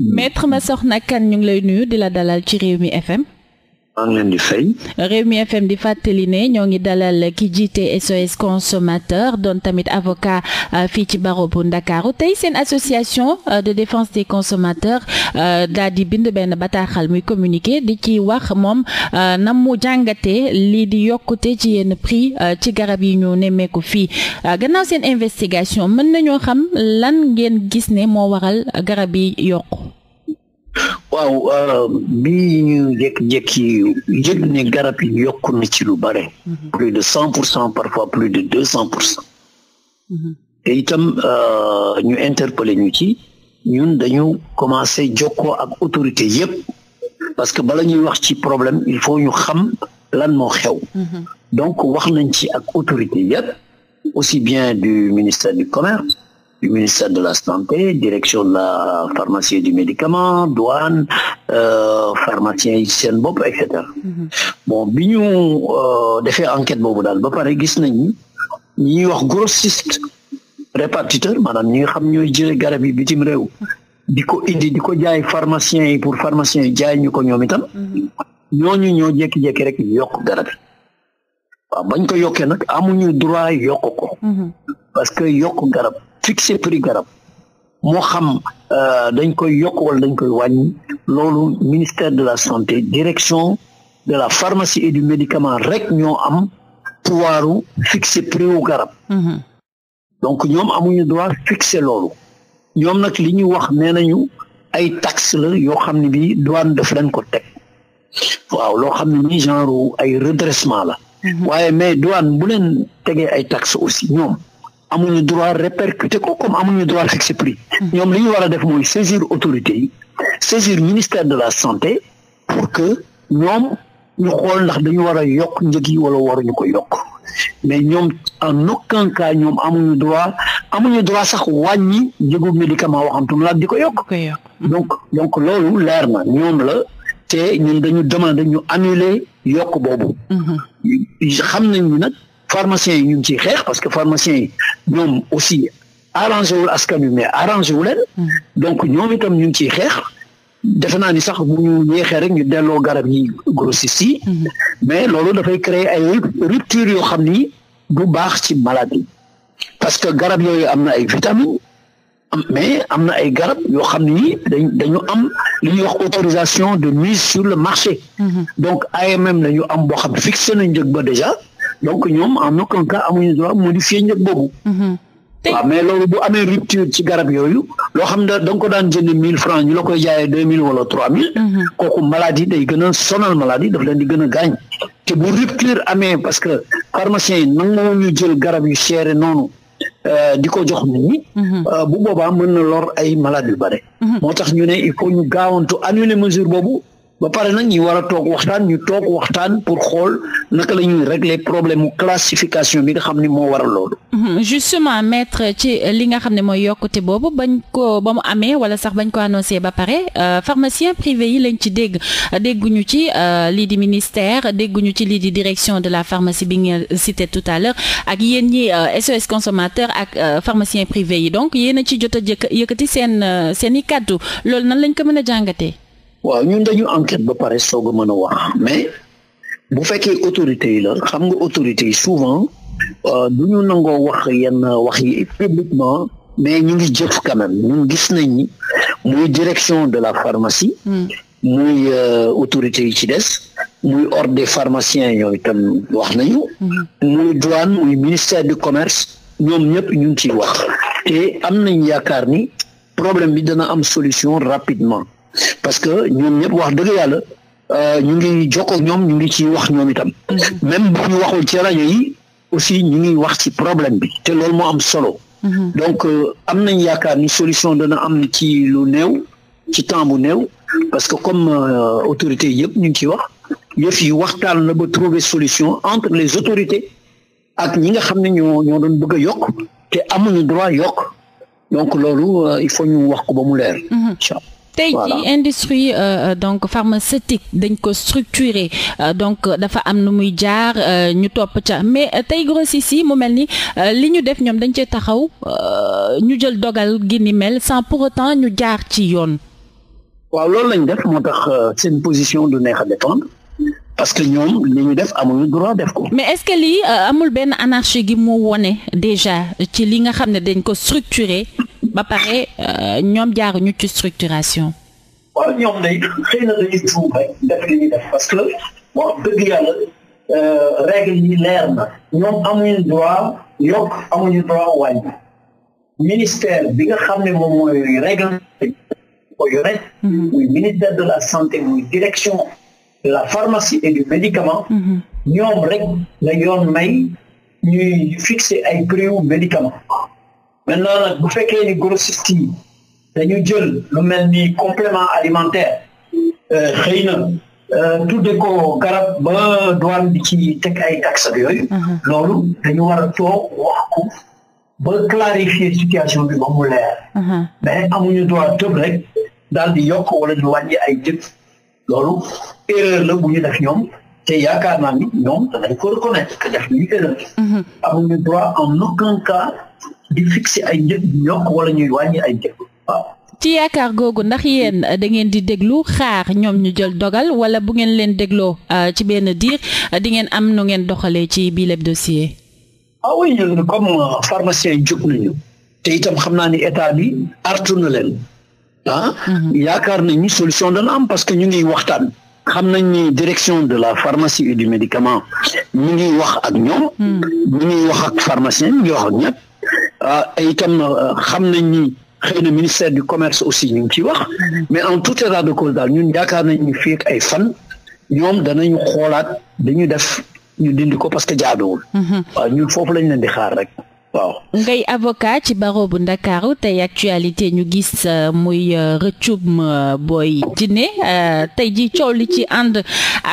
maître Massokhna kan ñu ngi lay nuyu di la dalal ci Rewmi FM. maa ngi FM di fàttali ne ñoo ngi dalal ki jiite SOS consommateur doon tamit avocat euh, fii ci barreau bu Ndakaaru tey seen association euh, de défense des consommateurs euh, daal di bind benn bataaxal muy communiqué di ciy wax moom na mu jàngate lii di yokkute ci yenn prix ci garab yi ñu nemmeeku fii gannaaw seen investigation mën nañoo xam lan ngeen gis ne moo waral garab yi yokku. waaw euh, bii ñu jékki-jékki yëg ne garab yi yokk na ci lu bare. Mhm. plus de cent pour cent parfois plus de deux cent pour cent. Mhm. te euh, ñu interpeller ñu ci ñun dañu commencé jokkoo ak autorité yépp parce que bala ñuy wax ci problème il faut ñu xam lan moo xew. Mhm. donc wax nañ ci ak autorité yépp aussi bien du ministère du commerce. du ministère de la Santé, direction de la pharmacie et du médicament, douane, euh, yi hygiène bopp et cetera. Mhm. bon bi ñu euh, defee enquête boobu daal ba pare gis nañu ñuy wax grossiste répartiteur maanaam ñi nga xam ñooy jëlee garab yi bitim réew. di ko indi di ko jaay pharmaciens yi pour pharmaciens yi jaay ñu ko ñoom itam. Mhm. ñooñu ñoo jékki-jékki rek yokk garab yi bañ ko yokkee nag amuñu droit yokk mhm. parce que yokk garab. fixé prix garab moo xam euh, dañ koy yokk wala dañ koy wàññi loolu ministère de la santé direction de la pharmacie et du médicament rek ñoo am pouvoiru fixé prix wu garab mm-hmm. donc ñoom amuñu droit fixé loolu ñoom nag li ñu wax nee nañu ay taxe la yoo xam ne bi douane def leen ko teg waaw loo xam ne nii genre ay redressement la mm-hmm. waaye mais douane bu leen tegee ay taxe aussi ñoom amuñu droit répercuter ko comme amuñu droit fixer prix ñoom li ñu war a def mooy saisir autorité yi saisir ministère de la santé pour que ñoom ñu xool ndax dañu war a yokk njëg yi wala waruñu ko yokk mais ñoom en aucun cas ñoom amuñu droit amuñu droit sax wàññi njëgu médicament waxamtuma la di ko yokk donc donc loolu leer na ñoom la te ñun dañu demander ñu annuler yokk boobu mm-hmm. xam nañ nag pharmaciens yi ñu ngi ciy xeex parce que pharmaciens yi ñoom aussi arrangé wul askan wi mais arrangé wu leen mm. donc ñoom itam ñu ngi ciy xeex defe naa ni sax bu ñu yéexee rek ñu delloo garab yi grossistes yi mm-hmm. mais loolu dafay créer ay rupture yoo xam ni du baax ci maladie parce que garab yooyu am na ay vitamines mais am na ay garab yoo xam ni dañu am li ñuy wax autorisation de mise sur le marché mm-hmm. donc AMM la ñu am boo xam fixé na njëg ba déjà donc ñoom en aucun cas amuñu droit modifier njëg boobu. Mhm. waaw mais loolu bu amee rupture ci garab yooyu loo xam ne da nga ko daan jënd mille francs ñu la koy deux mille wala trois mille mhm. kooku maladie day gën a sonal maladie daf leen di gën a gaañ te bu rupture amee parce que pharmacien yi nag moo ñu jël garab yu seere noonu euh, di ko jox nit ñi mhm. euh, bu boobaa mën na lor ay malade yu bare moo tax ñu ne il faut ñu gaawantu annuler mesure boobu ba pare nag ñu war a toog waxtaan ñu toog waxtaan pour xool naka la ñuy régler problème mu classification bi nga xam ne moo waral loolu. Mhm. justement maître ci li nga xam ne mooy yokkute boobu bañ ko ba mu amee wala sax bañ ko annoncé ba pare euh, pharmacien privé yi lañ ci dégg dégguñu ci euh, lii di ministère dégguñu ci lii di direction de la pharmacie bi nga cité tout à ak yen ñi SOS euh, consommateur ak pharmacien privé yi donc yéen a ci jot a jëkk yëkkati seen seen i kàddu loolu nan lañ ko mën a jàngatee. waaw ñun dañu enquête ba pare soog a mën a wax mais bu fekkee autorités yi la xam nga autorités yi souvent euh, du ñu nangoo wax yenn wax yi publiquement mais ñu ngi jëf quand ñu gis nañ ni muy direction de la pharmacie. Hmm. muy euh, autorités yi ci des. muy ordre des pharmaciens yooyu itam wax nañu. Hmm. muy douane muy ministère du commerce ñoom ñëpp ñu ngi ciy wax. te am nañ yaakaar ni problème bi dana am solution rapidement. parce que ñoom ñëpp wax dëgg yàlla euh, ñu ngi jokkoog ñoom ñu ngi ci wax ñoom itam mm-hmm. même bu ñu waxul ci rajo yi aussi ñu ngi wax ci problème bi te loolu moo am solo mm-hmm. donc euh, am nañ yaakaar ni solution dana am ci lu néew ci temps bu néew parce que comme euh, autorités yëpp ñu ngi ciy wax yëf yi waxtaan la ba trouver solution entre les autorités ak ñi nga xam ne ñoo ñoo doon bëgg a yokk te amuñu droit yokk donc loolu il faut ñu wax ko ba mu leer mm-hmm. tey jii industrie euh, euh, donc pharmaceutique dañ ko structuré euh, donc dafa am nu muy jaar ñu topp ca mais tey grossistes yi mu mel ni li ñu def ñoom dañ cee taxaw ñu jël dogal gi ni mel sans pour autant ñu jaar ci yoon. waaw loolu lañ def moo tax seen position du neex a défendre parce que ñoom li ñu def amuñu droit def ko. mais est-ce que lii amul benn anarchie gi mu wone déjà ci li nga xam ne dañ ko structuré ba pare euh, ñoom jaaruñu ci structuration. waaw ñoom day xëy na dañuy tuub rek def li ñuy def parce que wax dëgg yàlla euh, règle yi leer na ñoom amuñu droit yokk amuñu droit wàññi ministère bi nga xam ne moom mooy règle ko yore mm-hmm. muy ministère de la santé muy direction la pharmacie et du médicament mm-hmm. ñoom rek la yoon may ñuy fixer ay prix médicament maintenant bu fekkee ni grossiste yi dañu jël lu mel ni complément alimentaire euh, xëy na euh, tudde ko garab ba douane bi ci teg ay taxes ak yooyu uh-huh. loolu dañu war a toog wax ko ba clarifier situation bi ba uh-huh. mais amuñu droit tëb rek daal di yokk wala di wàññi ay jëf loolu erreur la ñu def ñoom te yaakaar naa ñoom danañ ko reconnaître que def ñu erreur uh-huh. amuñu droit en aucun cas di fixer ay njëg di wala ñuy wàññi ay njëg waaw. ci yaakaar googu ndax yéen dangeen di déglu xaar ñoom ñu jël dogal wala bu ngeen leen dégloo euh, ci benn diir di ngeen am nu ngeen doxalee ci bii lépp dossier. ah oui comme euh, pharmacien jóg nañu te itam xam naa ni état bi artu na leen ah, mhm. yaakaar nañ ni solution dana am parce que ñu ngi waxtaan. xam nañ ni direction de la pharmacie et du médicament ñu ngi wax ak ñoom. Mhm. ñu ngi wax ak pharmacien ñu ngi wax ak Euh, itam euh, xam nañ ni xëy na ministère du commerce aussi ñu ngi ciy wax mais en tout état de cause daal ñun yaakaar nañ ñu fii ay fan ñoom danañu xoolaat dañu def ñu dindi ko parce que jaaduwul. Mhm. waaw ñun foofu lañ leen di rek. waaw ngay avocat ci barreau bu Ndakaaru tey actualité ñu gis euh, muy euh, rëccub euh, Boy Djiné tey ji coow li ci ànd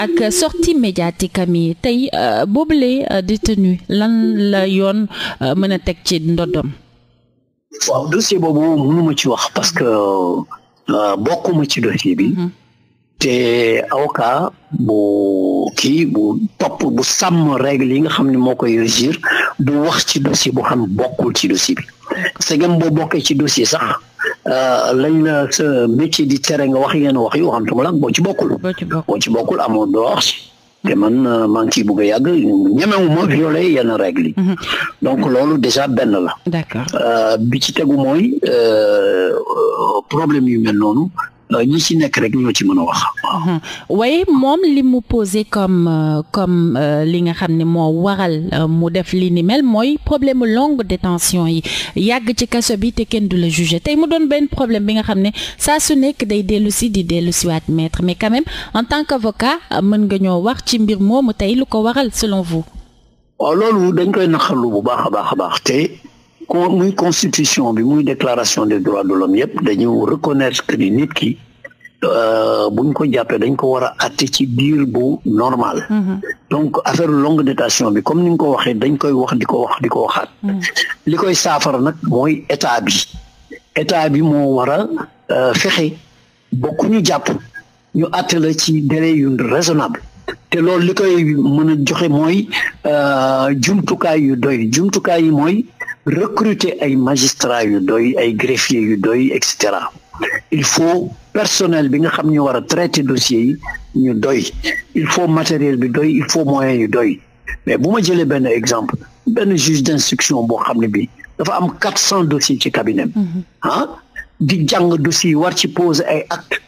ak sorti médiatique am yi tey boobule détenu lan la yoon mën a teg ci ndodom waaw dossier boobu mënuma ci wax parce que bokkuma ci dossier bi mm-hmm. te avocat bu kii bu topp bu sàmm règle yi nga xam ne moo koy régir du wax ci dossier bu xam bokkul ci dossier bi segam boo bokkee ci dossier sax euh, lañ na sa métier di tere nga wax yenn wax yoo xam te boo ci bokkul boo ci bokkul amoo doo wax ci te man euh, maa ngi ciy bëgg a yàgg ñemewu ma violé yenn règle yi mhm. donc loolu déjà benn la d'accord euh, bi ci tegu mooy problème yu mel noonu ñi ci nekk rek ñoo ci mën a wax. waaye moom li mu posé comme euh, comme euh, li nga xam ne moo waral euh, mu def li ni mel mooy problème longue détention yi yàgg ci kaso bi te kenn du la jugé tey mu doon benn problème bi nga xam ne saa su nekk day dellu si di dellu si waat maître mais quand en tant que qu'avocat mën nga ñoo wax ci mbir moomu tey lu ko waral selon vous. waaw loolu dañ koy naqarlu bu baax a baax a baax te kon muy constitution bi muy déclaration des droits de l'homme yëpp dañu reconnaître que ni nit ki euh, buñ ko jàppee dañ ko war a atte ci diir bu normal mm-hmm. donc affaire longue détention bi comme ni nga ko waxee dañ koy wax di ko wax di ko waxaat mm-hmm. li koy saafara nag mooy état bi état bi moo war a euh, fexe bokk ñu jàpp ñu atte la ci délai yu raisonnable te loolu li koy mën joxe mooy euh, jumtukaay yu doy jumtukaay yi mooy recruter ay magistrats yu doy ay greffiers yu doy et cetera il faut personnel bi nga xam ñu war a traiter dossiers yi ñu doy il faut matériel bi doy il faut moyens yu doy mais bu ma jëlee benn exemple benn juge d'instruction boo xam ne bi dafa am quatre cents dossiers ci cabinet mhm. ah di jàng dossiers yi war ci poser ay actes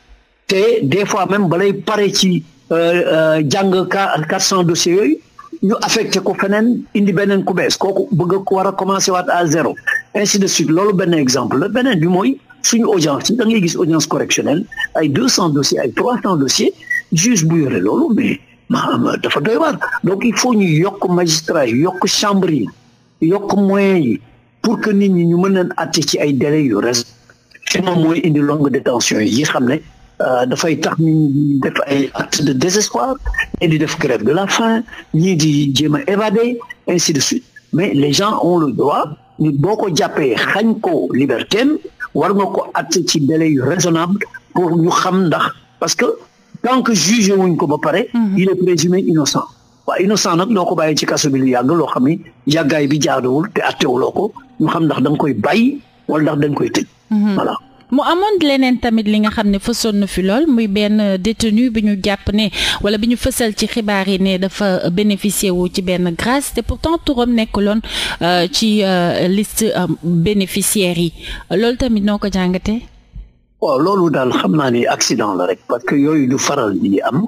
te des fois même balay pare ci euh, euh, jàng quatre cents dossiers yooyu ñu affecté ko feneen indi beneen ku bees kooku bëgg a war a commencé waat à zéro ainsi de suite loolu benn exemple la beneen bi mooy suñu audience yi da ngay gis audience correctionnelle ay deux cent dossiers ay trois cent dossiers juge bu yore loolu mais ma dafa doy waar donc il faut ñu yokk magistrat yi yokk chambre yi yokk moyens yi pour que nit ñi ñu mën leen atte ci ay délais yu raisonnable moom mooy indi longue détention yi xam ne Euh, dafay tax ñu def ay actes de désespoir et di def grève de la faim ñii di jéem a évader ainsi de suite mais les gens ont le droit ñu boo ko jàppee xañ ko liberté war nga ko àtte ci délai yu raisonnable pour ñu xam ndax parce que tant que jugé wuñ ko ba pare mhm. il est présumé innocent waaw innocent nag doo ko bàyyi ci kaso bi lu yàgg loo xam ni yàggaay bi jaaduwul te attewuloo ko xam ndax da koy bàyyi wal ndax da koy tëj mhm. mu amoon leneen tamit li nga xam ne fësoon na fi lool muy benn détenu bi ñu jàpp ne wala bi ñu fësal ci xibaar yi ne dafa bénéficier wu ci benn grâce te pourtant turam nekkuloon euh, ci euh, liste euh, bénéficiaires yi loolu tamit noo ko jàngatee. waaw loolu daal xam naa ni accident la rek parce que yooyu du faral di am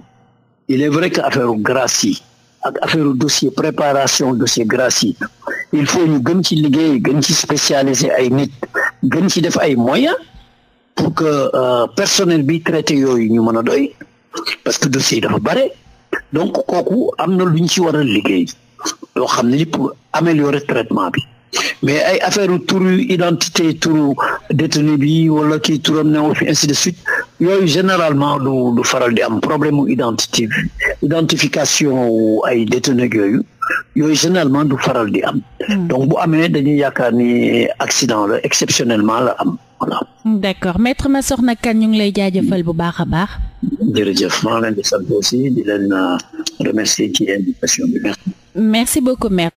il est vrai que affaire grâce yi ak affaire dossier préparation dossier grâce yi il faut ñu gën ci liggéey gën ci spécialiser ay nit gën ci def ay moyens. pour que euh, personnel bi traité yooyu ñu mën a doy parce que dossier yi dafa bare donc kooku am na lu ñu ci war liggéey loo xam ne pour améliorer traitement bi mais ay affaire turu identité turu détenu bi wala kii turam na fi ainsi de suite yooyu généralement du du faral di am problème mu identité identification wu ay détenu yooyu yooyu généralement du faral di am. Hmm. donc bu amee dañuy yaakaar ni accident la exceptionnellement la am. voilà. Mm, d'accord maître Massokhna Kane ñu ngi lay jaajëfal bu baax a baax. jërëjëf maa ngi leen di sant aussi di leen euh, remercier ci invitation bi merci beaucoup maître.